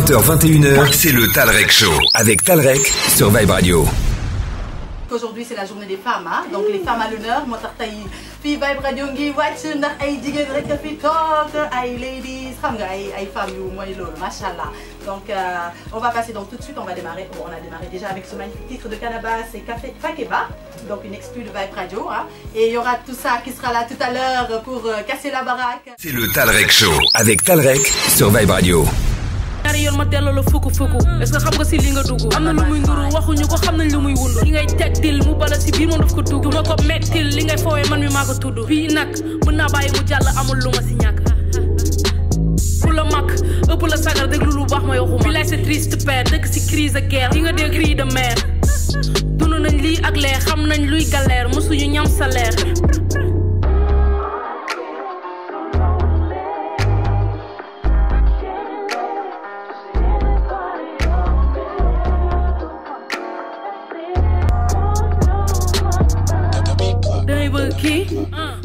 20h21h, c'est le Talrec Show. Avec Talrek sur Vibe Radio. Aujourd'hui, c'est la journée des femmes, hein. donc les femmes à l'honneur. Moi, Tartaï, Fi Vibe Radio ngi watch ay rek ladies Ramga, ay ay donc euh, on va passer donc tout de suite on va démarrer bon on a démarré déjà avec ce magnifique titre de cannabis, c'est Café Fakeba donc une exclue de Vibe Radio hein. et il y aura tout ça qui sera là tout à l'heure pour euh, casser la baraque. C'est le Talrek Show avec Talrek sur Vibe Radio. ñaari yoon ma delloo la fukk fukk est-ce xam nga si li nga dugg am na lu muy nduru waxuñu ko xam nañ lu muy wund li ngay tegtil mu bala si biir moom daf ko dugg ma ko mettil li ngay foowee man mi maa ko tudd bii nag mën naa bàyyi mu jàll amul lu ma si ñàkk pour la mag ëpp la sagar déglu lu baax ma yoxuma bi lay c'est triste père dëkk si crise de guerre li nga dégg cri de mer dund nañ lii ak lee xam nañ luy galère mosuñu ñam salaire kii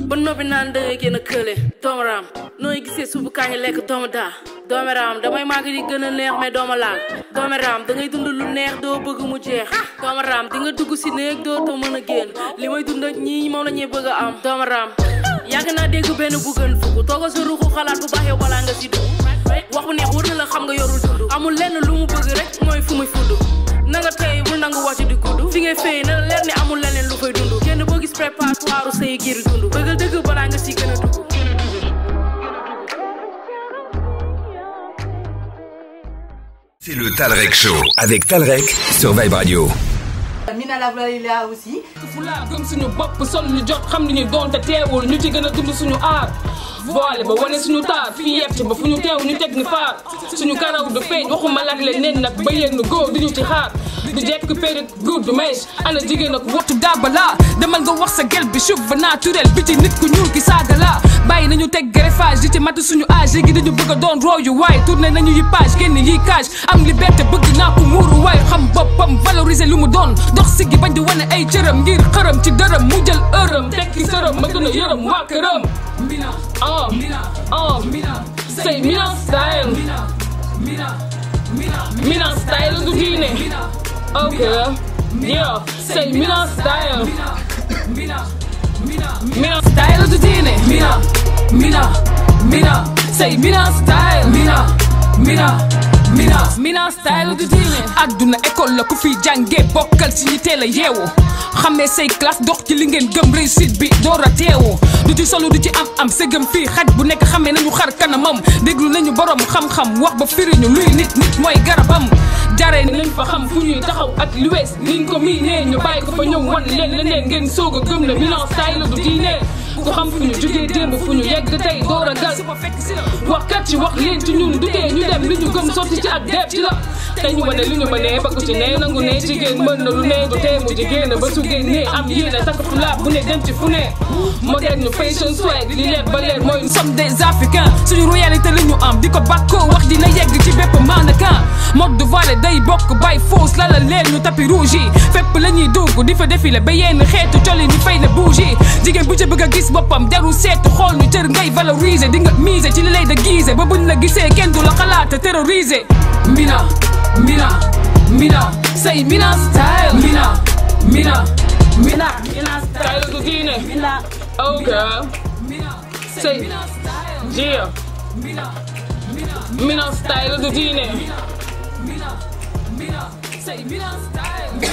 ba noppi naan da ngay gën a kële doomu raam nooy gisee suubu kaañu lekk doomu daa doomu raam damay màgg di gën a neex mais dooma laal doomu raam dund lu neex doo bëgg mu jeex doomu raam di nga dugg si néeg doo too mën a génn li may dund ñii moom la ñuy bëgg a am doomu raam yàgg naa dégg benn bu gën fukk tooga sa ruuxu xalaat bu baax yow balaa nga si dugg wax neex wër na la xam nga yorul dund amul lenn lu mu bëgg rek mooy fu muy fudd tey bul nangu wàcc tey ngir dund bëgg dëgg balaa nga ci gëna a dugg. C'est le Talrec Show avec Talrec sur Vibe Radio. Mina la Vlalila aussi. fulaa gëm suñu bop sol ñu jot xam ni ñu doon téwul ñu ci gëna dund suñu art voilà ba wone suñu taar fi yeb ci ba fuñu tew ñu teg ni faar suñu karaw du feeñ waxuma lak leen neen nag ba yéen go duñu ci xaar du jekk pere góor du mèche ana jigéen ak wattu daabala demal nga wax sa gel bi cheveux naturel bi ci nit ku ñuul ki saaga la bàyyi nañu teg greffage di ci mat suñu âge gi dañu bëgg doon doon yu way tourné nañu yi page génn yi cash am liberté bëgg na ko muru way xam bopam valoriser lu mu doon dox sigi bañ di wone ay cëram ngir xërëm ci dërëm mu jël ërëm tekki sërëm ma tuna a yërëm waa këram Oh, Mina, oh, Mina, say Mina style. Mina, Mina, Mina, Mina style do Guinea. Okay, yeah, say Mina style. Mina, Mina, Mina style do Guinea. Mina, Mina, Mina, say Mina style. Mina, Mina. Mina Mina style du diine àdduna école la ku fi jànge bokkal ci ñi teel a yeewu xamee say classe dox ci li ngeen gëm réussite bi door a teewu ci solo di ci am am sëgëm fii xaj bu nekk xamee nañu xar kanamam déglu nañu borom xam-xam wax ba firiñu luy nit nit mooy garabam jaree nañ fa xam fu ñuy taxaw ak lu wees niñ ko mii nee ñu bàyyi ko fa ñëw wan leen leneen ngeen soog a gëm la milance taay la du diinee ku xam fu ñu jugee démb fu ñu yegg tey door a gal waxkat wax leen ci ñun du tee ñu dem li ñu gëm ci ak deeb ci la te ñu wane lu ñu mënee ba ku ci ne nangu ne jigéen mën na lu ne du tee mu jigéen ba su génnee am yéene takk fu bu ne dem ci fu ne moderne fashion swag li leer ba leer mooy nous sommes des africains suñu réalité li ñu am di ko bàkkoo wax dina yegg ci bépp maanakan mode de voile day bokk bay fausse la la leer ñu tapis rouge yi fépp la ñuy dugg di fa défilé ba yenn xeetu colli ñu fay ne bouge yi jigéen bu ci bëgg gis boppam jaru seetu xool ñu cër ngay valoriser di nga miser ci li lay déguiser ba buñ la gisee kenn du la xalaat terroriser mbina Mina, Mina, c'est Mina style. Mina, Mina, Mina, Mina style. Mina. Oh girl. Mina, Mina style. Mina, Mina, Mina style. Mina, Mina, c'est Mina style.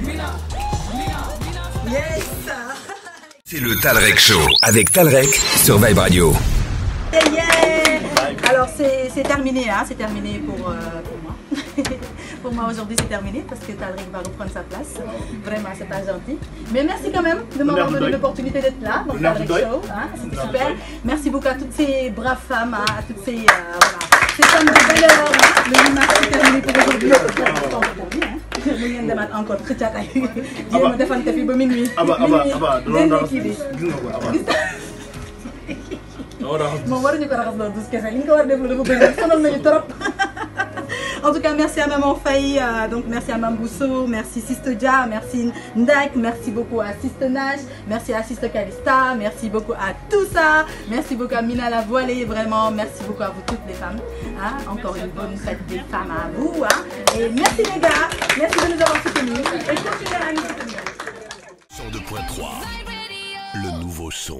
Mina, Mina, Mina. Yes. C'est le Talrec Show avec Talrec sur Vibe Radio. Eh, yeah Alors c'est terminé, hein, c'est terminé pour, euh, pour moi. pour moi aujourd'hui c'est terminé parce que Tadric va reprendre sa place. Vraiment c'est pas gentil. Mais merci quand même de m'avoir donné l'opportunité d'être là dans Tadric Show. Hein, C'était super. Merci beaucoup à toutes ces braves femmes, hein, à toutes ces, euh, voilà, ces femmes de belle hein. Le match est terminé pour aujourd'hui. Hein. Je demaat encore xëccaat ay Je a defante fi ba minuit. aba aba aba gis nga En tout cas, merci à Maman Faye, euh, donc merci à Mambousso, merci Siste merci Ndak, merci beaucoup à Siste Nash, merci à Siste Calista, merci beaucoup à tout ça, merci beaucoup à Mina Voilée, vraiment, merci beaucoup à vous toutes les femmes. Hein. Encore une bonne fête des femmes à vous. Hein. Et merci les gars, merci de nous avoir soutenus et continuez à nous soutenir. le nouveau son.